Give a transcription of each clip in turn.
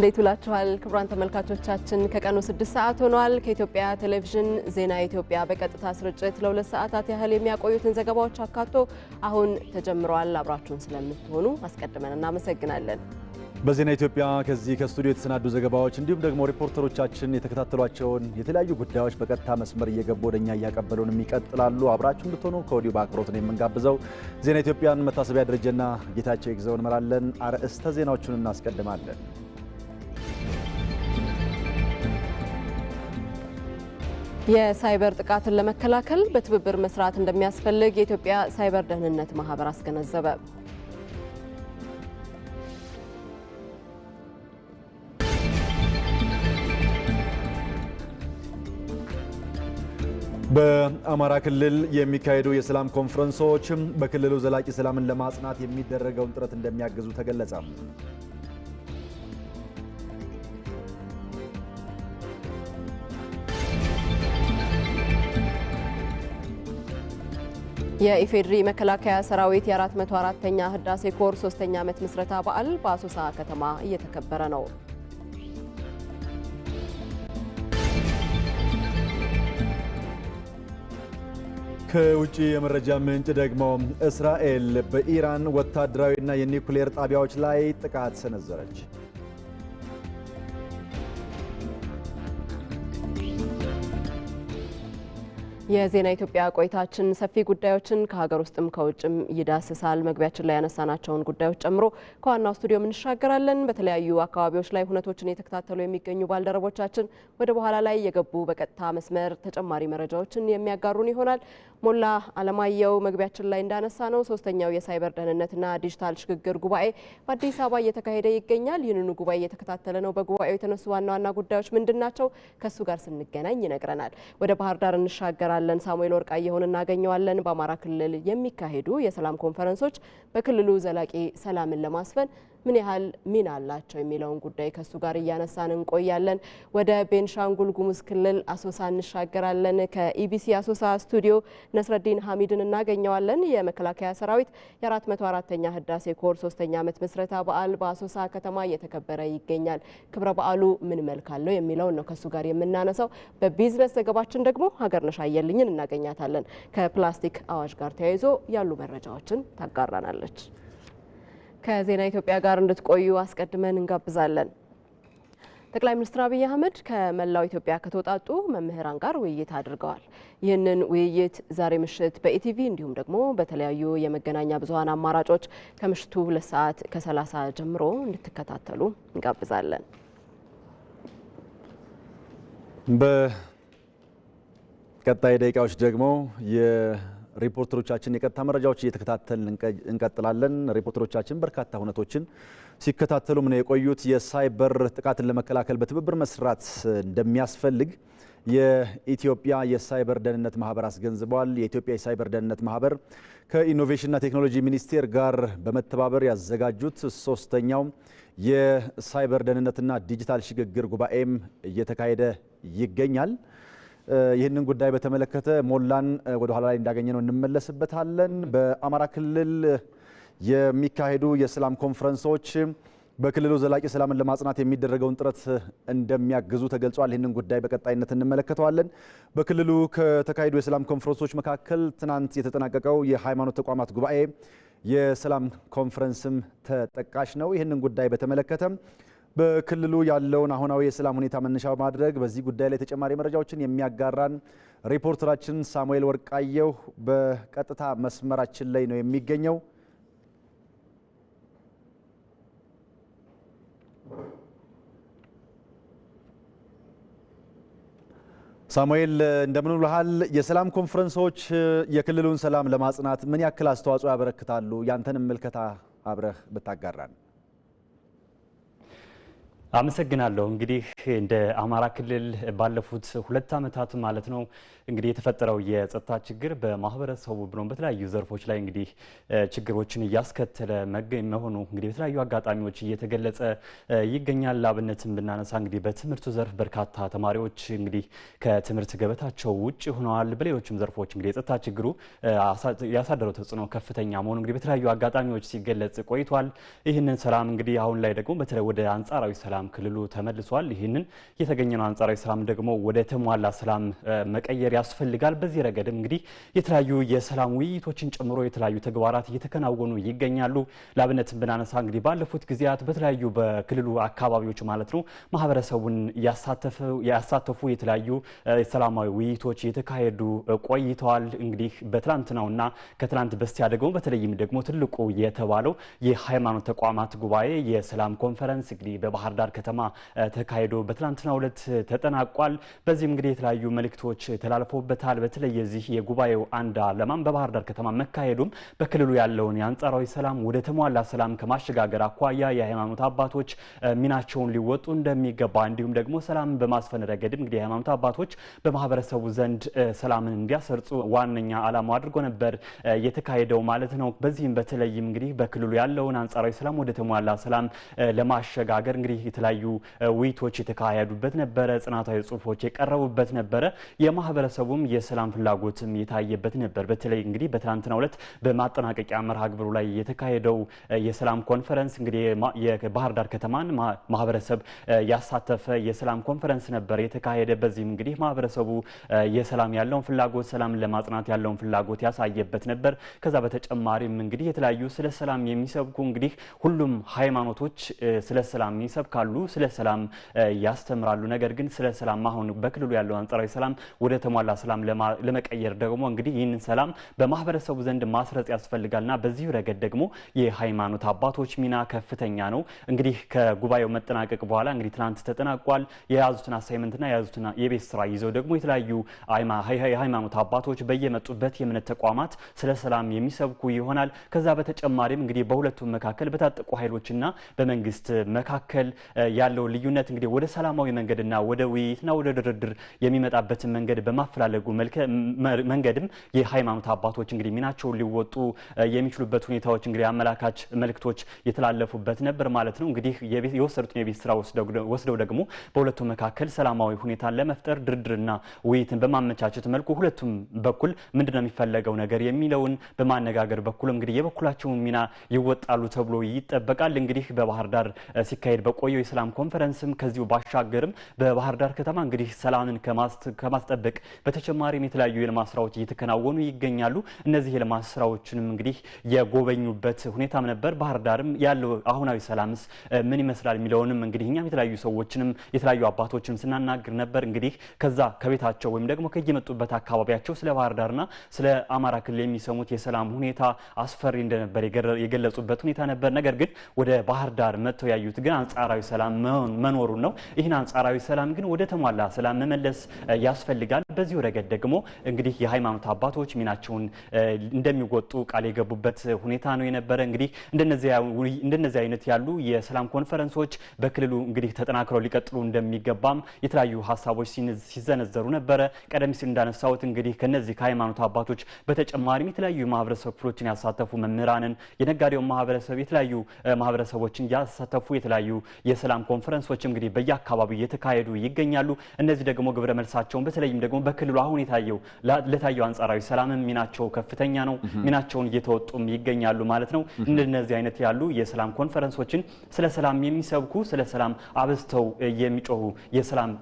እንዴት ውላችኋል ክቡራን ተመልካቾቻችን፣ ከቀኑ ስድስት ሰዓት ሆኗል። ከኢትዮጵያ ቴሌቪዥን ዜና ኢትዮጵያ በቀጥታ ስርጭት ለሁለት ሰዓታት ያህል የሚያቆዩትን ዘገባዎች አካቶ አሁን ተጀምረዋል። አብራችሁን ስለምትሆኑ አስቀድመን እናመሰግናለን። በዜና ኢትዮጵያ ከዚህ ከስቱዲዮ የተሰናዱ ዘገባዎች እንዲሁም ደግሞ ሪፖርተሮቻችን የተከታተሏቸውን የተለያዩ ጉዳዮች በቀጥታ መስመር እየገቡ ወደ እኛ እያቀበሉን ይቀጥላሉ። አብራችሁ እንድትሆኑ ከወዲሁ በአክብሮት ነው የምንጋብዘው። ዜና ኢትዮጵያን መታሰቢያ ደረጀና ጌታቸው ይግዘው እንመራለን። አርዕስተ ዜናዎቹን እናስቀድማለን። የሳይበር ጥቃትን ለመከላከል በትብብር መስራት እንደሚያስፈልግ የኢትዮጵያ ሳይበር ደህንነት ማህበር አስገነዘበ። በአማራ ክልል የሚካሄዱ የሰላም ኮንፈረንሶች በክልሉ ዘላቂ ሰላምን ለማጽናት የሚደረገውን ጥረት እንደሚያግዙ ተገለጸ። የኢፌዴሪ መከላከያ ሰራዊት የ404ኛ ህዳሴ ኮር ሶስተኛ ዓመት ምስረታ በዓል በአሶሳ ከተማ እየተከበረ ነው። ከውጭ የመረጃ ምንጭ ደግሞ እስራኤል በኢራን ወታደራዊና የኒውክሌር ጣቢያዎች ላይ ጥቃት ሰነዘረች። የዜና ኢትዮጵያ ቆይታችን ሰፊ ጉዳዮችን ከሀገር ውስጥም ከውጭም ይዳስሳል። መግቢያችን ላይ ያነሳናቸውን ጉዳዮች ጨምሮ ከዋናው ስቱዲዮም እንሻገራለን። በተለያዩ አካባቢዎች ላይ ሁነቶችን እየተከታተሉ የሚገኙ ባልደረቦቻችን ወደ በኋላ ላይ የገቡ በቀጥታ መስመር ተጨማሪ መረጃዎችን የሚያጋሩን ይሆናል። ሞላ አለማየሁ መግቢያችን ላይ እንዳነሳ ነው ሶስተኛው የሳይበር ደህንነትና ዲጂታል ሽግግር ጉባኤ በአዲስ አበባ እየተካሄደ ይገኛል። ይህንኑ ጉባኤ እየተከታተለ ነው። በጉባኤው የተነሱ ዋና ዋና ጉዳዮች ምንድን ናቸው? ከእሱ ጋር ስንገናኝ ይነግረናል። ወደ ባህር ዳር እንሻገራል? እንመለከታለን። ሳሙኤል ወርቃየሁን እናገኘዋለን። በአማራ ክልል የሚካሄዱ የሰላም ኮንፈረንሶች በክልሉ ዘላቂ ሰላምን ለማስፈን ምን ያህል ሚና አላቸው የሚለውን ጉዳይ ከሱ ጋር እያነሳን እንቆያለን። ወደ ቤንሻንጉል ጉሙዝ ክልል አሶሳ እንሻገራለን። ከኢቢሲ አሶሳ ስቱዲዮ ነስረዲን ሀሚድን እናገኘዋለን። የመከላከያ ሰራዊት የ404ኛ ህዳሴ ኮር ሶስተኛ ዓመት ምስረታ በዓል በአሶሳ ከተማ እየተከበረ ይገኛል። ክብረ በዓሉ ምን መልክ አለው የሚለውን ነው ከሱ ጋር የምናነሳው። በቢዝነስ ዘገባችን ደግሞ ሀገርነሽ አየልኝን እናገኛታለን። ከፕላስቲክ አዋጅ ጋር ተያይዞ ያሉ መረጃዎችን ታጋራናለች። ከዜና ኢትዮጵያ ጋር እንድትቆዩ አስቀድመን እንጋብዛለን። ጠቅላይ ሚኒስትር አብይ አህመድ ከመላው ኢትዮጵያ ከተውጣጡ መምህራን ጋር ውይይት አድርገዋል። ይህንን ውይይት ዛሬ ምሽት በኢቲቪ እንዲሁም ደግሞ በተለያዩ የመገናኛ ብዙኃን አማራጮች ከምሽቱ ሁለት ሰዓት ከሰላሳ ጀምሮ እንድትከታተሉ እንጋብዛለን። በቀጣይ ደቂቃዎች ደግሞ ሪፖርተሮቻችን የቀጥታ መረጃዎች እየተከታተል እንቀጥላለን። ሪፖርተሮቻችን በርካታ ሁነቶችን ሲከታተሉም ነው የቆዩት። የሳይበር ጥቃትን ለመከላከል በትብብር መስራት እንደሚያስፈልግ የኢትዮጵያ የሳይበር ደህንነት ማህበር አስገንዝበዋል። የኢትዮጵያ የሳይበር ደህንነት ማህበር ከኢኖቬሽንና ቴክኖሎጂ ሚኒስቴር ጋር በመተባበር ያዘጋጁት ሶስተኛው የሳይበር ደህንነትና ዲጂታል ሽግግር ጉባኤም እየተካሄደ ይገኛል። ይህንን ጉዳይ በተመለከተ ሞላን ወደ ኋላ ላይ እንዳገኘ ነው እንመለስበታለን። በአማራ ክልል የሚካሄዱ የሰላም ኮንፈረንሶች በክልሉ ዘላቂ ሰላምን ለማጽናት የሚደረገውን ጥረት እንደሚያግዙ ተገልጿል። ይህንን ጉዳይ በቀጣይነት እንመለከተዋለን። በክልሉ ከተካሄዱ የሰላም ኮንፈረንሶች መካከል ትናንት የተጠናቀቀው የሃይማኖት ተቋማት ጉባኤ የሰላም ኮንፈረንስም ተጠቃሽ ነው። ይህንን ጉዳይ በተመለከተ በክልሉ ያለውን አሁናዊ የሰላም ሁኔታ መነሻ በማድረግ በዚህ ጉዳይ ላይ ተጨማሪ መረጃዎችን የሚያጋራን ሪፖርተራችን ሳሙኤል ወርቃየሁ በቀጥታ መስመራችን ላይ ነው የሚገኘው። ሳሙኤል እንደምን ውለሃል? የሰላም ኮንፈረንሶች የክልሉን ሰላም ለማጽናት ምን ያክል አስተዋጽኦ ያበረክታሉ? ያንተንም ምልከታ አብረህ ብታጋራን። አመሰግናለሁ። እንግዲህ እንደ አማራ ክልል ባለፉት ሁለት ዓመታት ማለት ነው እንግዲህ የተፈጠረው የጸጥታ ችግር በማህበረሰቡ ብሎም በተለያዩ ዘርፎች ላይ እንግዲህ ችግሮችን እያስከተለ መሆኑ እንግዲህ በተለያዩ አጋጣሚዎች እየተገለጸ ይገኛል። ላብነትን ብናነሳ እንግዲህ በትምህርቱ ዘርፍ በርካታ ተማሪዎች እንግዲህ ከትምህርት ገበታቸው ውጭ ሆነዋል። በሌሎችም ዘርፎች እንግዲህ የጸጥታ ችግሩ ያሳደረው ተጽዕኖ ከፍተኛ መሆኑ እንግዲህ በተለያዩ አጋጣሚዎች ሲገለጽ ቆይቷል። ይህንን ሰላም እንግዲህ አሁን ላይ ደግሞ በተለይ ወደ አንጻራዊ ሰላም ሰላም ክልሉ ተመልሷል። ይህንን የተገኘነው አንጻራዊ ሰላም ደግሞ ወደ ተሟላ ሰላም መቀየር ያስፈልጋል። በዚህ ረገድም እንግዲህ የተለያዩ የሰላም ውይይቶችን ጨምሮ የተለያዩ ተግባራት እየተከናወኑ ይገኛሉ። ለአብነት ብናነሳ እንግዲህ ባለፉት ጊዜያት በተለያዩ በክልሉ አካባቢዎች ማለት ነው ማህበረሰቡን ያሳተፉ የተለያዩ ሰላማዊ ውይይቶች የተካሄዱ ቆይተዋል። እንግዲህ በትላንትናውና ከትላንት በስቲያ ደግሞ በተለይም ደግሞ ትልቁ የተባለው የሃይማኖት ተቋማት ጉባኤ የሰላም ኮንፈረንስ እንግዲህ በባህር ዳር ባህር ከተማ ተካሂዶ በትናንትናው ዕለት ተጠናቋል። በዚህም እንግዲህ የተለያዩ መልእክቶች ተላልፎበታል። በተለይ የዚህ የጉባኤው አንድ ዓላማም በባህር ዳር ከተማ መካሄዱም በክልሉ ያለውን የአንጻራዊ ሰላም ወደ ተሟላ ሰላም ከማሸጋገር አኳያ የሃይማኖት አባቶች ሚናቸውን ሊወጡ እንደሚገባ እንዲሁም ደግሞ ሰላም በማስፈን ረገድም እንግዲህ የሃይማኖት አባቶች በማህበረሰቡ ዘንድ ሰላምን እንዲያሰርጹ ዋነኛ ዓላማው አድርጎ ነበር የተካሄደው ማለት ነው። በዚህም በተለይም እንግዲህ በክልሉ ያለውን አንጻራዊ ሰላም ወደ ተሟላ ሰላም ለማሸጋገር እንግዲህ የተለያዩ ውይይቶች የተካሄዱበት ነበረ። ጽናታዊ ጽሁፎች የቀረቡበት ነበረ። የማህበረሰቡም የሰላም ፍላጎትም የታየበት ነበር። በተለይ እንግዲህ በትናንትናው ዕለት በማጠናቀቂያ መርሃ ግብሩ ላይ የተካሄደው የሰላም ኮንፈረንስ እንግዲህ የባህር ዳር ከተማን ማህበረሰብ ያሳተፈ የሰላም ኮንፈረንስ ነበር የተካሄደ። በዚህም እንግዲህ ማህበረሰቡ የሰላም ያለውን ፍላጎት ሰላም ለማጽናት ያለውን ፍላጎት ያሳየበት ነበር። ከዛ በተጨማሪም እንግዲህ የተለያዩ ስለ ሰላም የሚሰብኩ እንግዲህ ሁሉም ሃይማኖቶች ስለ ሰላም ይሰብካሉ። ያስተምራሉ፣ ስለ ሰላም ያስተምራሉ። ነገር ግን ስለ ሰላም አሁን በክልሉ ያለው አንጻራዊ ሰላም ወደ ተሟላ ሰላም ለመቀየር ደግሞ እንግዲህ ይህንን ሰላም በማህበረሰቡ ዘንድ ማስረጽ ያስፈልጋልና በዚሁ ረገድ ደግሞ የሃይማኖት አባቶች ሚና ከፍተኛ ነው። እንግዲህ ከጉባኤው መጠናቀቅ በኋላ እንግዲህ ትናንት ተጠናቋል። የያዙትን አሳይመንትና የያዙትን የቤት ስራ ይዘው ደግሞ የተለያዩ የሃይማኖት አባቶች በየመጡበት የእምነት ተቋማት ስለ ሰላም የሚሰብኩ ይሆናል። ከዛ በተጨማሪም እንግዲህ በሁለቱም መካከል በታጠቁ ኃይሎችና በመንግስት መካከል ያለው ልዩነት እንግዲህ ወደ ሰላማዊ መንገድና ወደ ውይይትና ወደ ድርድር የሚመጣበትን መንገድ በማፈላለጉ መንገድም የሃይማኖት አባቶች እንግዲህ ሚናቸውን ሊወጡ የሚችሉበት ሁኔታዎች እንግዲህ አመላካች መልክቶች የተላለፉበት ነበር ማለት ነው። እንግዲህ የወሰዱትን የቤት ስራ ወስደው ደግሞ በሁለቱ መካከል ሰላማዊ ሁኔታን ለመፍጠር ድርድርና ውይይትን በማመቻቸት መልኩ ሁለቱም በኩል ነው የሚፈለገው ነገር የሚለውን በማነጋገር በኩል እንግዲህ የበኩላቸውን ሚና ይወጣሉ ተብሎ ይጠበቃል። እንግዲህ በባህር ዳር ሲካሄድ በቆየው የሰላም ኮንፈረንስም ከዚሁ ባሻገርም በባህር ዳር ከተማ እንግዲህ ሰላምን ከማስጠበቅ በተጨማሪም የተለያዩ የልማት ስራዎች እየተከናወኑ ይገኛሉ። እነዚህ የልማት ስራዎችንም እንግዲህ የጎበኙበት ሁኔታም ነበር። ባህር ዳርም ያለው አሁናዊ ሰላምስ ምን ይመስላል የሚለውንም እንግዲህ እኛም የተለያዩ ሰዎችንም የተለያዩ አባቶችንም ስናናግር ነበር። እንግዲህ ከዛ ከቤታቸው ወይም ደግሞ ከየመጡበት አካባቢያቸው ስለ ባህር ዳርና ስለ አማራ ክልል የሚሰሙት የሰላም ሁኔታ አስፈሪ እንደነበር የገለጹበት ሁኔታ ነበር። ነገር ግን ወደ ባህር ዳር መጥተው ያዩት ግን አንጻራዊ ሰላም መኖሩን ነው። ይህን አንጻራዊ ሰላም ግን ወደ ተሟላ ሰላም መመለስ ያስፈልጋል። በዚሁ ረገድ ደግሞ እንግዲህ የሃይማኖት አባቶች ሚናቸውን እንደሚወጡ ቃል የገቡበት ሁኔታ ነው የነበረ። እንግዲህ እንደነዚህ አይነት ያሉ የሰላም ኮንፈረንሶች በክልሉ እንግዲህ ተጠናክረው ሊቀጥሉ እንደሚገባም የተለያዩ ሀሳቦች ሲዘነዘሩ ነበረ። ቀደም ሲል እንዳነሳሁት እንግዲህ ከነዚህ ከሃይማኖት አባቶች በተጨማሪም የተለያዩ የማህበረሰብ ክፍሎችን ያሳተፉ መምህራንን፣ የነጋዴውን ማህበረሰብ፣ የተለያዩ ማህበረሰቦችን ያሳተፉ የተለያዩ የሰላም ኮንፈረንሶች እንግዲህ በየአካባቢው እየተካሄዱ ይገኛሉ። እነዚህ ደግሞ ግብረ መልሳቸውን በተለይም ደግሞ በክልሉ አሁን የታየው ለታየው አንጻራዊ ሰላምም ሚናቸው ከፍተኛ ነው። ሚናቸውን እየተወጡም ይገኛሉ ማለት ነው። እንደነዚህ አይነት ያሉ የሰላም ኮንፈረንሶችን ስለ ሰላም የሚሰብኩ ስለ ሰላም አብዝተው የሚጮሁ የሰላም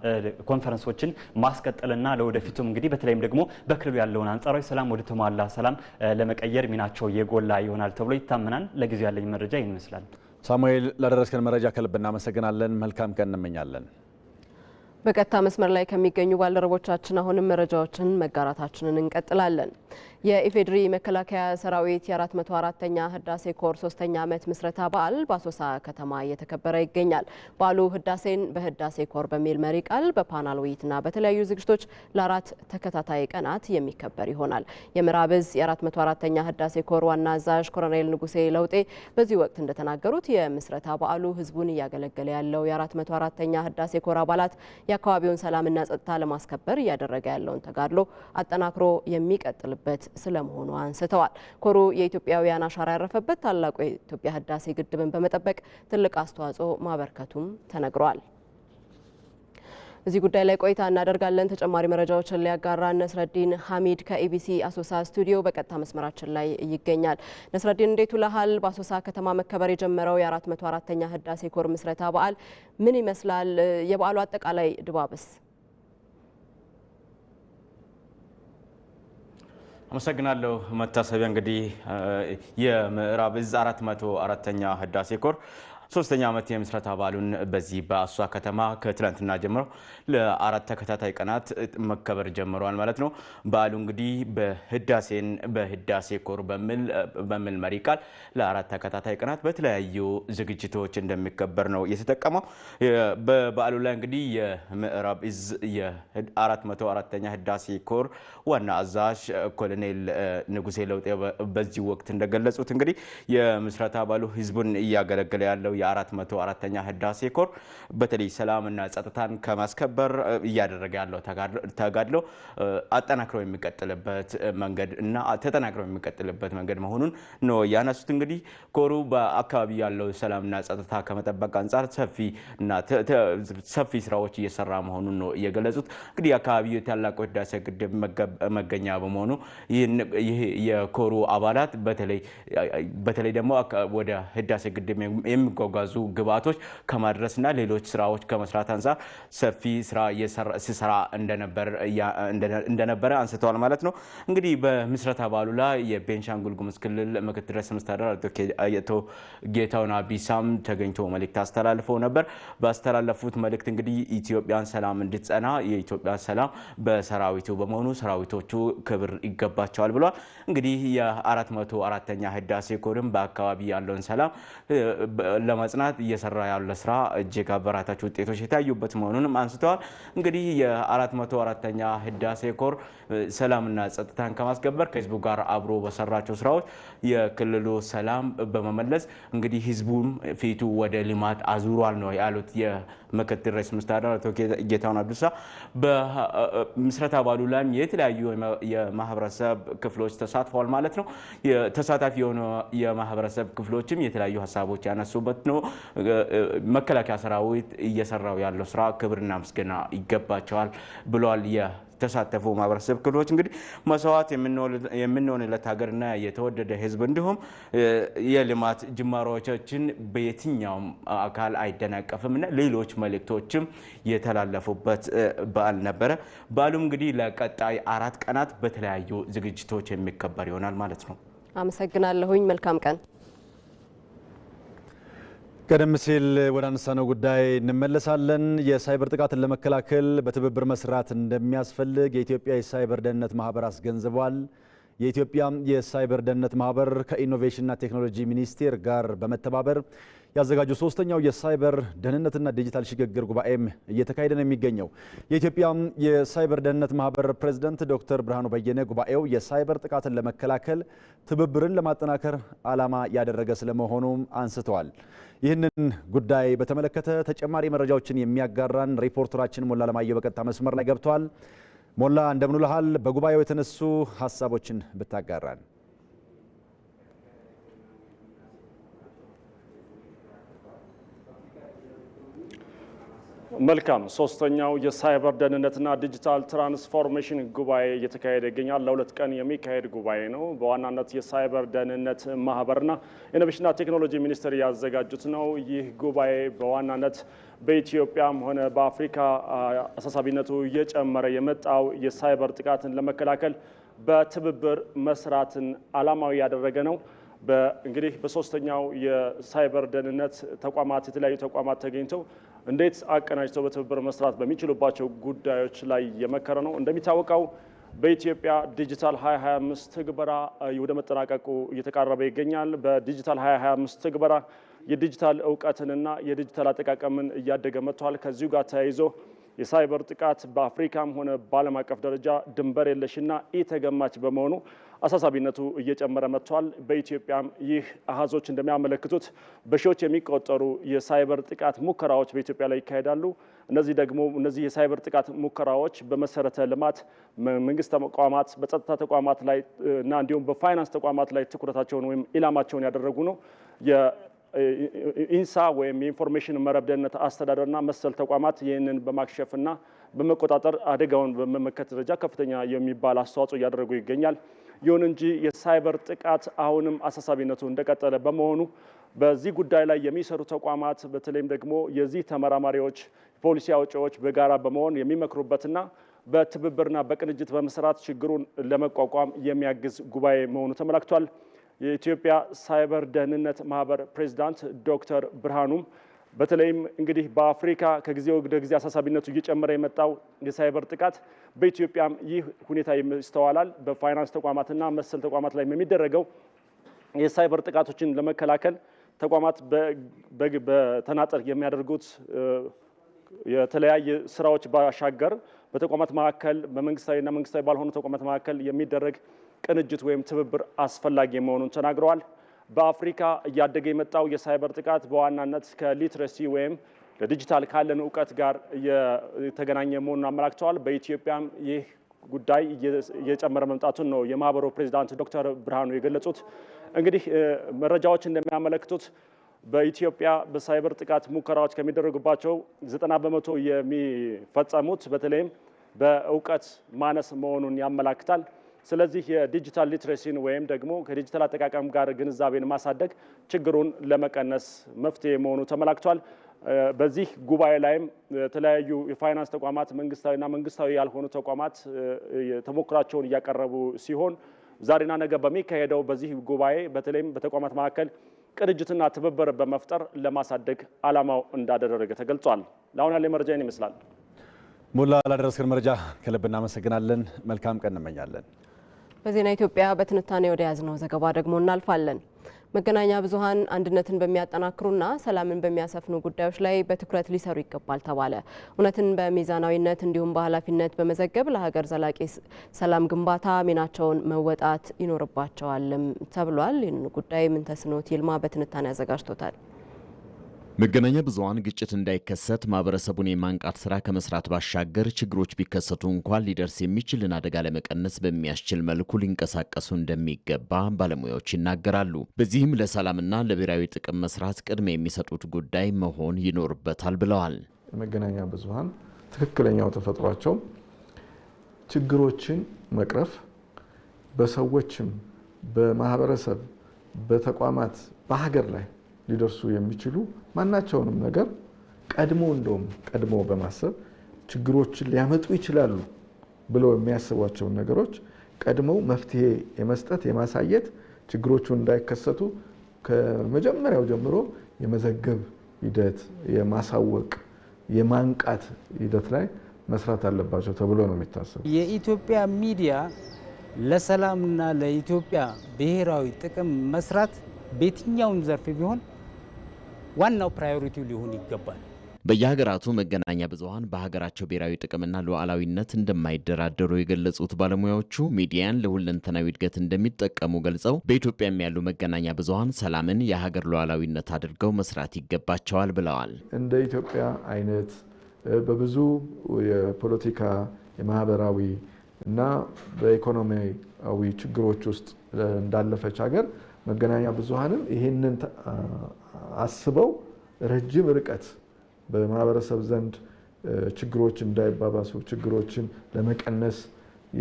ኮንፈረንሶችን ማስቀጠልና ለወደፊቱም እንግዲህ በተለይም ደግሞ በክልሉ ያለውን አንጻራዊ ሰላም ወደ ተሟላ ሰላም ለመቀየር ሚናቸው የጎላ ይሆናል ተብሎ ይታመናል። ለጊዜው ያለኝ መረጃ ይህን ይመስላል። ሳሙኤል፣ ላደረስከን መረጃ ከልብ እናመሰግናለን። መልካም ቀን እንመኛለን። በቀጥታ መስመር ላይ ከሚገኙ ባልደረቦቻችን አሁንም መረጃዎችን መጋራታችንን እንቀጥላለን። የኢፌዴሪ መከላከያ ሰራዊት የ404ኛ ህዳሴ ኮር ሶስተኛ ዓመት ምስረታ በዓል በአሶሳ ከተማ እየተከበረ ይገኛል። በዓሉ ህዳሴን በህዳሴ ኮር በሚል መሪ ቃል በፓናል ውይይትና በተለያዩ ዝግጅቶች ለአራት ተከታታይ ቀናት የሚከበር ይሆናል። የምዕራብ ዕዝ የ404ኛ ህዳሴ ኮር ዋና አዛዥ ኮሎኔል ንጉሴ ለውጤ በዚህ ወቅት እንደተናገሩት የምስረታ በዓሉ ህዝቡን እያገለገለ ያለው የ404ኛ ህዳሴ ኮር አባላት የአካባቢውን ሰላምና ጸጥታ ለማስከበር እያደረገ ያለውን ተጋድሎ አጠናክሮ የሚቀጥልበት ስለመሆኑ አንስተዋል። ኮሩ የኢትዮጵያውያን አሻራ ያረፈበት ታላቁ የኢትዮጵያ ህዳሴ ግድብን በመጠበቅ ትልቅ አስተዋጽኦ ማበርከቱም ተነግሯል። እዚህ ጉዳይ ላይ ቆይታ እናደርጋለን። ተጨማሪ መረጃዎችን ሊያጋራ ነስረዲን ሀሚድ ከኢቢሲ አሶሳ ስቱዲዮ በቀጥታ መስመራችን ላይ ይገኛል። ነስረዲን እንዴት ውለሃል? በአሶሳ ከተማ መከበር የጀመረው የአራት መቶ አራተኛ ህዳሴ ኮር ምስረታ በዓል ምን ይመስላል? የበዓሉ አጠቃላይ ድባብስ አመሰግናለሁ መታሰቢያ። እንግዲህ የምዕራብ እዝ 404ኛ ህዳሴ ኮር ሶስተኛ ዓመት የምስረታ በዓሉን በዚህ በአሶሳ ከተማ ከትላንትና ጀምሮ ለአራት ተከታታይ ቀናት መከበር ጀምረዋል ማለት ነው። በዓሉ እንግዲህ በህዳሴን በህዳሴ ኮር በሚል መሪ ቃል ለአራት ተከታታይ ቀናት በተለያዩ ዝግጅቶች እንደሚከበር ነው የተጠቀመው። በበዓሉ ላይ እንግዲህ የምዕራብ እዝ የ404ኛ ህዳሴ ኮር ዋና አዛዥ ኮሎኔል ንጉሴ ለውጤ በዚህ ወቅት እንደገለጹት እንግዲህ የምስረታ አባሉ ህዝቡን እያገለገለ ያለው የ404ኛ ህዳሴ ኮር በተለይ ሰላምና ጸጥታን ከማስከበር እያደረገ ያለው ተጋድሎ አጠናክረው የሚቀጥልበት መንገድ እና ተጠናክረው የሚቀጥልበት መንገድ መሆኑን ነው ያነሱት። እንግዲህ ኮሩ በአካባቢ ያለው ሰላምና ጸጥታ ከመጠበቅ አንጻር ሰፊ ስራዎች እየሰራ መሆኑን ነው እየገለጹት እንግዲህ አካባቢው ታላቁ ህዳሴ ግድብ መገኛ በመሆኑ ይህ የኮሩ አባላት በተለይ ደግሞ ወደ ህዳሴ ግድብ የሚጓ የሚጓጓዙ ግብዓቶች ከማድረስና ሌሎች ስራዎች ከመስራት አንጻር ሰፊ ስራ ሲሰራ እንደነበረ አንስተዋል ማለት ነው። እንግዲህ በምስረታ በዓሉ ላይ የቤንሻንጉል ጉሙዝ ክልል ምክትል ርዕሰ መስተዳድር አቶ ጌታውን አቢሳም ተገኝቶ መልእክት አስተላልፈው ነበር። ባስተላለፉት መልእክት እንግዲህ ኢትዮጵያን ሰላም እንድትጸና የኢትዮጵያ ሰላም በሰራዊቱ በመሆኑ ሰራዊቶቹ ክብር ይገባቸዋል ብሏል። እንግዲህ የ404ኛ ህዳሴ ኮድም በአካባቢ ያለውን ሰላም ለማጽናት እየሰራ ያለ ስራ እጅግ አበራታች ውጤቶች የታዩበት መሆኑንም አንስተዋል። እንግዲህ የ404ኛ ህዳሴ ኮር ሰላምና ጸጥታን ከማስከበር ከህዝቡ ጋር አብሮ በሰራቸው ስራዎች የክልሉ ሰላም በመመለስ እንግዲህ ህዝቡም ፊቱ ወደ ልማት አዙሯል ነው ያሉት የምክትል ርዕሰ መስተዳድር አቶ ጌታሁን አብዲሳ። በምስረታ በዓሉ ላይም የተለያዩ የማህበረሰብ ክፍሎች ተሳትፈዋል ማለት ነው። ተሳታፊ የሆኑ የማህበረሰብ ክፍሎችም የተለያዩ ሀሳቦች ያነሱበት ነው መከላከያ ሰራዊት እየሰራው ያለው ስራ ክብርና ምስጋና ይገባቸዋል ብሏል። የተሳተፉ ማህበረሰብ ክፍሎች እንግዲህ መስዋዕት የምንሆንለት ሀገርና የተወደደ ህዝብ እንዲሁም የልማት ጅማሮዎቻችን በየትኛውም አካል አይደናቀፍምና ሌሎች መልእክቶችም የተላለፉበት በዓል ነበረ። በዓሉም እንግዲህ ለቀጣይ አራት ቀናት በተለያዩ ዝግጅቶች የሚከበር ይሆናል ማለት ነው። አመሰግናለሁኝ። መልካም ቀን ቀደም ሲል ወደ አነሳነው ጉዳይ እንመለሳለን። የሳይበር ጥቃትን ለመከላከል በትብብር መስራት እንደሚያስፈልግ የኢትዮጵያ የሳይበር ደህንነት ማህበር አስገንዝቧል። የኢትዮጵያ የሳይበር ደህንነት ማህበር ከኢኖቬሽንና ቴክኖሎጂ ሚኒስቴር ጋር በመተባበር ያዘጋጁ ሶስተኛው የሳይበር ደህንነትና ዲጂታል ሽግግር ጉባኤም እየተካሄደ ነው የሚገኘው። የኢትዮጵያ የሳይበር ደህንነት ማህበር ፕሬዚደንት ዶክተር ብርሃኑ በየነ ጉባኤው የሳይበር ጥቃትን ለመከላከል ትብብርን ለማጠናከር ዓላማ ያደረገ ስለመሆኑም አንስተዋል። ይህንን ጉዳይ በተመለከተ ተጨማሪ መረጃዎችን የሚያጋራን ሪፖርተራችን ሞላ ለማየው በቀጥታ መስመር ላይ ገብቷል። ሞላ እንደምንልሃል። በጉባኤው የተነሱ ሀሳቦችን ብታጋራን መልካም ሶስተኛው የሳይበር ደህንነትና ዲጂታል ትራንስፎርሜሽን ጉባኤ እየተካሄደ ይገኛል። ለሁለት ቀን የሚካሄድ ጉባኤ ነው። በዋናነት የሳይበር ደህንነት ማህበርና ኢኖቬሽንና ቴክኖሎጂ ሚኒስቴር ያዘጋጁት ነው። ይህ ጉባኤ በዋናነት በኢትዮጵያም ሆነ በአፍሪካ አሳሳቢነቱ እየጨመረ የመጣው የሳይበር ጥቃትን ለመከላከል በትብብር መስራትን አላማዊ ያደረገ ነው። እንግዲህ በሶስተኛው የሳይበር ደህንነት ተቋማት የተለያዩ ተቋማት ተገኝተው እንዴት አቀናጅተው በትብብር መስራት በሚችሉባቸው ጉዳዮች ላይ የመከረ ነው። እንደሚታወቀው በኢትዮጵያ ዲጂታል 2025 ትግበራ ወደ መጠናቀቁ እየተቃረበ ይገኛል። በዲጂታል 2025 ትግበራ የዲጂታል እውቀትንና የዲጂታል አጠቃቀምን እያደገ መጥቷል። ከዚሁ ጋር ተያይዞ የሳይበር ጥቃት በአፍሪካም ሆነ በዓለም አቀፍ ደረጃ ድንበር የለሽና ኢተገማች በመሆኑ አሳሳቢነቱ እየጨመረ መጥቷል። በኢትዮጵያም ይህ አሃዞች እንደሚያመለክቱት በሺዎች የሚቆጠሩ የሳይበር ጥቃት ሙከራዎች በኢትዮጵያ ላይ ይካሄዳሉ። እነዚህ ደግሞ እነዚህ የሳይበር ጥቃት ሙከራዎች በመሰረተ ልማት፣ መንግስት ተቋማት፣ በጸጥታ ተቋማት ላይ እና እንዲሁም በፋይናንስ ተቋማት ላይ ትኩረታቸውን ወይም ኢላማቸውን ያደረጉ ነው። ኢንሳ ወይም የኢንፎርሜሽን መረብ ደህንነት አስተዳደርና መሰል ተቋማት ይህንን በማክሸፍና በመቆጣጠር አደጋውን በመመከት ደረጃ ከፍተኛ የሚባል አስተዋጽኦ እያደረጉ ይገኛል። ይሁን እንጂ የሳይበር ጥቃት አሁንም አሳሳቢነቱ እንደቀጠለ በመሆኑ በዚህ ጉዳይ ላይ የሚሰሩ ተቋማት በተለይም ደግሞ የዚህ ተመራማሪዎች፣ ፖሊሲ አውጪዎች በጋራ በመሆን የሚመክሩበትና በትብብርና በቅንጅት በመስራት ችግሩን ለመቋቋም የሚያግዝ ጉባኤ መሆኑ ተመላክቷል። የኢትዮጵያ ሳይበር ደህንነት ማህበር ፕሬዚዳንት ዶክተር ብርሃኑም በተለይም እንግዲህ በአፍሪካ ከጊዜ ወደ ጊዜ አሳሳቢነቱ እየጨመረ የመጣው የሳይበር ጥቃት በኢትዮጵያም ይህ ሁኔታ ይስተዋላል። በፋይናንስ ተቋማትና መሰል ተቋማት ላይ የሚደረገው የሳይበር ጥቃቶችን ለመከላከል ተቋማት በተናጠል የሚያደርጉት የተለያየ ስራዎች ባሻገር በተቋማት መካከል በመንግስታዊና መንግስታዊ ባልሆኑ ተቋማት መካከል የሚደረግ ቅንጅት ወይም ትብብር አስፈላጊ መሆኑን ተናግረዋል። በአፍሪካ እያደገ የመጣው የሳይበር ጥቃት በዋናነት ከሊትረሲ ወይም ለዲጂታል ካለን እውቀት ጋር የተገናኘ መሆኑን አመላክተዋል። በኢትዮጵያም ይህ ጉዳይ እየጨመረ መምጣቱን ነው የማህበሩ ፕሬዚዳንት ዶክተር ብርሃኑ የገለጹት። እንግዲህ መረጃዎች እንደሚያመለክቱት በኢትዮጵያ በሳይበር ጥቃት ሙከራዎች ከሚደረጉባቸው ዘጠና በመቶ የሚፈጸሙት በተለይም በእውቀት ማነስ መሆኑን ያመላክታል። ስለዚህ የዲጂታል ሊትሬሲን ወይም ደግሞ ከዲጂታል አጠቃቀም ጋር ግንዛቤን ማሳደግ ችግሩን ለመቀነስ መፍትሄ መሆኑ ተመላክቷል። በዚህ ጉባኤ ላይም የተለያዩ የፋይናንስ ተቋማት መንግስታዊና መንግስታዊ ያልሆኑ ተቋማት ተሞክራቸውን እያቀረቡ ሲሆን ዛሬና ነገ በሚካሄደው በዚህ ጉባኤ በተለይም በተቋማት መካከል ቅንጅትና ትብብር በመፍጠር ለማሳደግ ዓላማው እንዳደረገ ተገልጿል። ለአሁን ያለ መረጃ ይህን ይመስላል። ሙላ ላደረስክን መረጃ ከልብ እናመሰግናለን። መልካም ቀን እንመኛለን። በዜና ኢትዮጵያ በትንታኔ ወደ ያዝነው ዘገባ ደግሞ እናልፋለን። መገናኛ ብዙኃን አንድነትን በሚያጠናክሩና ሰላምን በሚያሰፍኑ ጉዳዮች ላይ በትኩረት ሊሰሩ ይገባል ተባለ። እውነትን በሚዛናዊነት እንዲሁም በኃላፊነት በመዘገብ ለሀገር ዘላቂ ሰላም ግንባታ ሚናቸውን መወጣት ይኖርባቸዋልም ተብሏል። ይህንን ጉዳይ ምንተስኖት ይልማ በትንታኔ አዘጋጅቶታል። መገናኛ ብዙሃን ግጭት እንዳይከሰት ማህበረሰቡን የማንቃት ስራ ከመስራት ባሻገር ችግሮች ቢከሰቱ እንኳን ሊደርስ የሚችልን አደጋ ለመቀነስ በሚያስችል መልኩ ሊንቀሳቀሱ እንደሚገባ ባለሙያዎች ይናገራሉ። በዚህም ለሰላምና ለብሔራዊ ጥቅም መስራት ቅድሚያ የሚሰጡት ጉዳይ መሆን ይኖርበታል ብለዋል። መገናኛ ብዙሃን ትክክለኛው ተፈጥሯቸው ችግሮችን መቅረፍ በሰዎችም፣ በማህበረሰብ፣ በተቋማት፣ በሀገር ላይ ሊደርሱ የሚችሉ ማናቸውንም ነገር ቀድሞ እንደውም ቀድሞ በማሰብ ችግሮችን ሊያመጡ ይችላሉ ብለው የሚያስቧቸውን ነገሮች ቀድሞ መፍትሄ የመስጠት የማሳየት ችግሮቹ እንዳይከሰቱ ከመጀመሪያው ጀምሮ የመዘገብ ሂደት የማሳወቅ የማንቃት ሂደት ላይ መስራት አለባቸው ተብሎ ነው የሚታሰብ። የኢትዮጵያ ሚዲያ ለሰላምና ለኢትዮጵያ ብሔራዊ ጥቅም መስራት በየትኛውም ዘርፍ ቢሆን ዋናው ፕራዮሪቲ ሊሆን ይገባል። በየሀገራቱ መገናኛ ብዙሀን በሀገራቸው ብሔራዊ ጥቅምና ሉዓላዊነት እንደማይደራደሩ የገለጹት ባለሙያዎቹ ሚዲያን ለሁለንተናዊ እድገት እንደሚጠቀሙ ገልጸው በኢትዮጵያም ያሉ መገናኛ ብዙሀን ሰላምን የሀገር ሉዓላዊነት አድርገው መስራት ይገባቸዋል ብለዋል። እንደ ኢትዮጵያ አይነት በብዙ የፖለቲካ የማህበራዊ እና በኢኮኖሚያዊ ችግሮች ውስጥ እንዳለፈች ሀገር መገናኛ ብዙሀንም ይህንን አስበው ረጅም ርቀት በማህበረሰብ ዘንድ ችግሮች እንዳይባባሱ ችግሮችን ለመቀነስ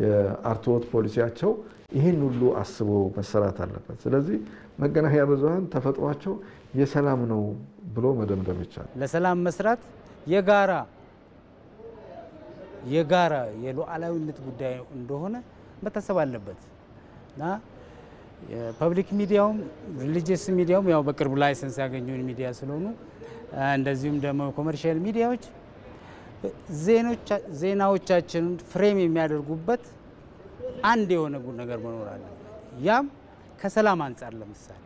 የአርትዖት ፖሊሲያቸው ይህን ሁሉ አስቦ መሰራት አለበት። ስለዚህ መገናኛ ብዙሃን ተፈጥሯቸው የሰላም ነው ብሎ መደምደም ይቻላል። ለሰላም መስራት የጋራ የጋራ የሉዓላዊነት ጉዳይ እንደሆነ መታሰብ አለበት እና የፐብሊክ ሚዲያውም ሪሊጂየስ ሚዲያውም ያው በቅርቡ ላይሰንስ ያገኘውን ሚዲያ ስለሆኑ እንደዚሁም ደግሞ ኮመርሻል ሚዲያዎች ዜናዎቻችንን ፍሬም የሚያደርጉበት አንድ የሆነ ነገር መኖር አለበት። ያም ከሰላም አንጻር ለምሳሌ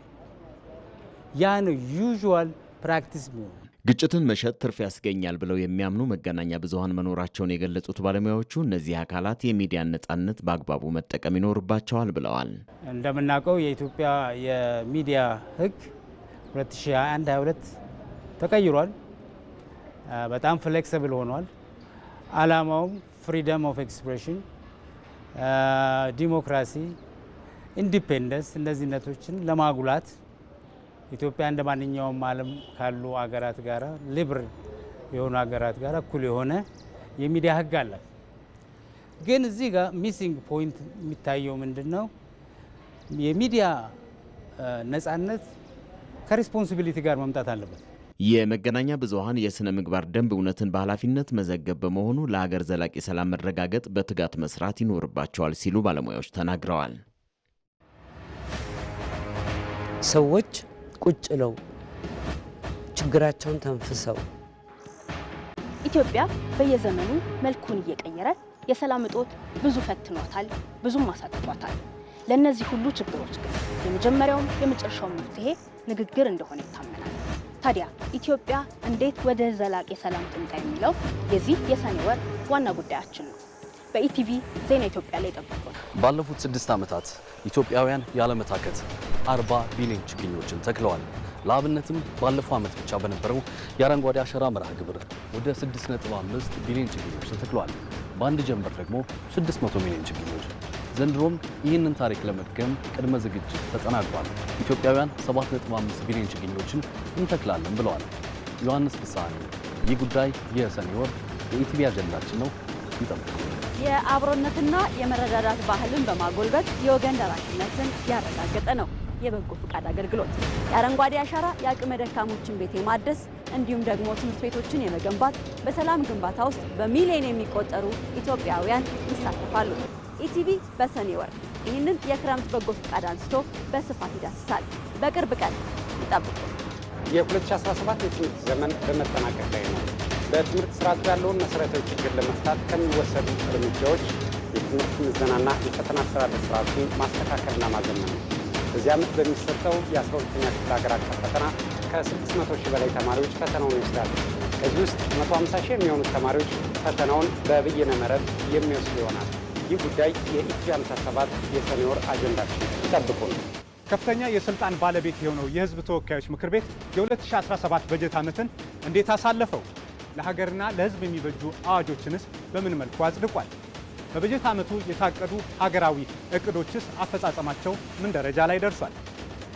ያ ነው ዩዥዋል ፕራክቲስ ሚሆን ግጭትን መሸጥ ትርፍ ያስገኛል ብለው የሚያምኑ መገናኛ ብዙሃን መኖራቸውን የገለጹት ባለሙያዎቹ እነዚህ አካላት የሚዲያን ነጻነት በአግባቡ መጠቀም ይኖርባቸዋል ብለዋል። እንደምናውቀው የኢትዮጵያ የሚዲያ ህግ 2021/22 ተቀይሯል። በጣም ፍሌክስብል ሆኗል። አላማውም ፍሪደም ኦፍ ኤክስፕሬሽን፣ ዲሞክራሲ፣ ኢንዲፔንደንስ እነዚህ ነቶችን ለማጉላት ኢትዮጵያ እንደ ማንኛውም ዓለም ካሉ አገራት ጋር ሊብር የሆኑ አገራት ጋር እኩል የሆነ የሚዲያ ህግ አላት። ግን እዚህ ጋር ሚሲንግ ፖይንት የሚታየው ምንድን ነው? የሚዲያ ነጻነት ከሪስፖንሲቢሊቲ ጋር መምጣት አለበት። የመገናኛ ብዙሃን የሥነ ምግባር ደንብ እውነትን በኃላፊነት መዘገብ በመሆኑ ለሀገር ዘላቂ ሰላም መረጋገጥ በትጋት መስራት ይኖርባቸዋል ሲሉ ባለሙያዎች ተናግረዋል። ሰዎች ቁጭ ለው ችግራቸውን ተንፍሰው ኢትዮጵያ በየዘመኑ መልኩን እየቀየረ የሰላም እጦት ብዙ ፈትኗታል፣ ብዙም አሳጥቷታል። ለእነዚህ ሁሉ ችግሮች ግን የመጀመሪያውም የመጨረሻው መፍትሄ ንግግር እንደሆነ ይታመናል። ታዲያ ኢትዮጵያ እንዴት ወደ ዘላቂ ሰላም ትምጣ የሚለው የዚህ የሰኔ ወር ዋና ጉዳያችን ነው። በኢቲቪ ዜና ኢትዮጵያ ላይ ጠብቁ። ባለፉት ስድስት ዓመታት ኢትዮጵያውያን ያለመታከት 40 ቢሊዮን ችግኞችን ተክለዋል። ለአብነትም ባለፈው ዓመት ብቻ በነበረው የአረንጓዴ አሸራ መርሃ ግብር ወደ 6.5 ቢሊዮን ችግኞች ተተክለዋል። በአንድ ጀንበር ደግሞ 600 ሚሊዮን ችግኞች። ዘንድሮም ይህንን ታሪክ ለመድገም ቅድመ ዝግጅት ተጠናቋል። ኢትዮጵያውያን 7.5 ቢሊዮን ችግኞችን እንተክላለን ብለዋል። ዮሐንስ ፍስሐ። ይህ ጉዳይ የሰኔ ወር የኢቲቪ አጀንዳችን ነው። ይጠብቁ። የአብሮነትና የመረዳዳት ባህልን በማጎልበት የወገን ደራሽነትን ያረጋገጠ ነው። የበጎ ፍቃድ አገልግሎት የአረንጓዴ አሻራ የአቅመ ደካሞችን ቤት የማደስ እንዲሁም ደግሞ ትምህርት ቤቶችን የመገንባት በሰላም ግንባታ ውስጥ በሚሊዮን የሚቆጠሩ ኢትዮጵያውያን ይሳተፋሉ። ኢቲቪ በሰኔ ወር ይህንን የክረምት በጎ ፍቃድ አንስቶ በስፋት ይዳስሳል። በቅርብ ቀን ይጠብቁ። የ2017 የትምህርት ዘመን በመጠናቀቅ ላይ ነው። በትምህርት ስርዓት ያለውን መሰረታዊ ችግር ለመፍታት ከሚወሰዱ እርምጃዎች የትምህርት ምዘናና የፈተና አስተዳደር ስርዓቱን ማስተካከልና ማዘመን ነው። በዚህ ዓመት በሚሰጠው የ12ኛ ክፍል ሀገር አቀፍ ፈተና ከ600 ሺህ በላይ ተማሪዎች ፈተናውን ይወስዳሉ። ከዚህ ውስጥ 150 ሺህ የሚሆኑት ተማሪዎች ፈተናውን በብይነ መረብ የሚወስዱ ይሆናል። ይህ ጉዳይ የኢትዮጵያ 57 የሰኔ አጀንዳችን ይጠብቁ ነው። ከፍተኛ የስልጣን ባለቤት የሆነው የህዝብ ተወካዮች ምክር ቤት የ2017 በጀት ዓመትን እንዴት አሳለፈው? ለሀገርና ለሕዝብ የሚበጁ አዋጆችንስ በምን መልኩ አጽድቋል? በበጀት ዓመቱ የታቀዱ ሀገራዊ እቅዶችስ አፈጻጸማቸው ምን ደረጃ ላይ ደርሷል?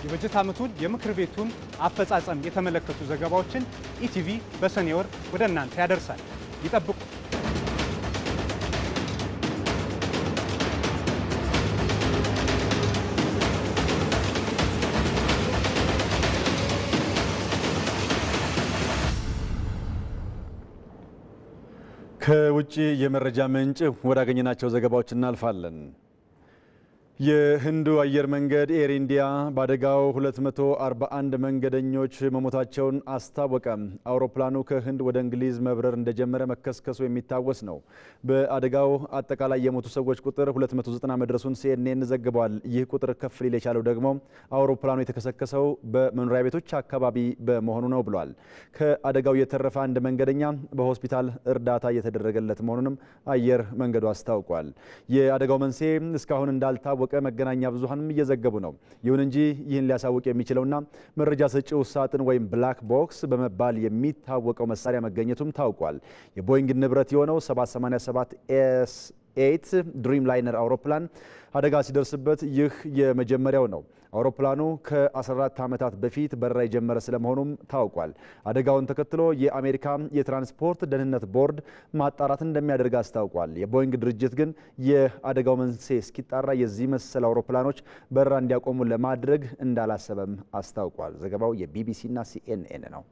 የበጀት ዓመቱን የምክር ቤቱን አፈጻጸም የተመለከቱ ዘገባዎችን ኢቲቪ በሰኔ ወር ወደ እናንተ ያደርሳል። ይጠብቁ። ከውጭ የመረጃ ምንጭ ወዳገኘናቸው ዘገባዎች እናልፋለን። የህንዱ አየር መንገድ ኤር ኢንዲያ በአደጋው 241 መንገደኞች መሞታቸውን አስታወቀ። አውሮፕላኑ ከህንድ ወደ እንግሊዝ መብረር እንደጀመረ መከስከሱ የሚታወስ ነው። በአደጋው አጠቃላይ የሞቱ ሰዎች ቁጥር 290 መድረሱን ሲኤንኤን ዘግቧል። ይህ ቁጥር ከፍ ሊል የቻለው ደግሞ አውሮፕላኑ የተከሰከሰው በመኖሪያ ቤቶች አካባቢ በመሆኑ ነው ብሏል። ከአደጋው የተረፈ አንድ መንገደኛ በሆስፒታል እርዳታ እየተደረገለት መሆኑንም አየር መንገዱ አስታውቋል። የአደጋው መንስኤ እስካሁን እንዳልታወቀ እንዳወቀ መገናኛ ብዙሃንም እየዘገቡ ነው። ይሁን እንጂ ይህን ሊያሳውቅ የሚችለውና መረጃ ሰጪው ሳጥን ወይም ብላክ ቦክስ በመባል የሚታወቀው መሳሪያ መገኘቱም ታውቋል። የቦይንግ ንብረት የሆነው 787 ኤስ ኤት ድሪም ላይነር አውሮፕላን አደጋ ሲደርስበት ይህ የመጀመሪያው ነው። አውሮፕላኑ ከ14 ዓመታት በፊት በረራ የጀመረ ስለመሆኑም ታውቋል። አደጋውን ተከትሎ የአሜሪካ የትራንስፖርት ደህንነት ቦርድ ማጣራት እንደሚያደርግ አስታውቋል። የቦይንግ ድርጅት ግን የአደጋው መንስኤ እስኪጣራ የዚህ መሰል አውሮፕላኖች በረራ እንዲያቆሙ ለማድረግ እንዳላሰበም አስታውቋል። ዘገባው የቢቢሲና ሲኤንኤን ነው።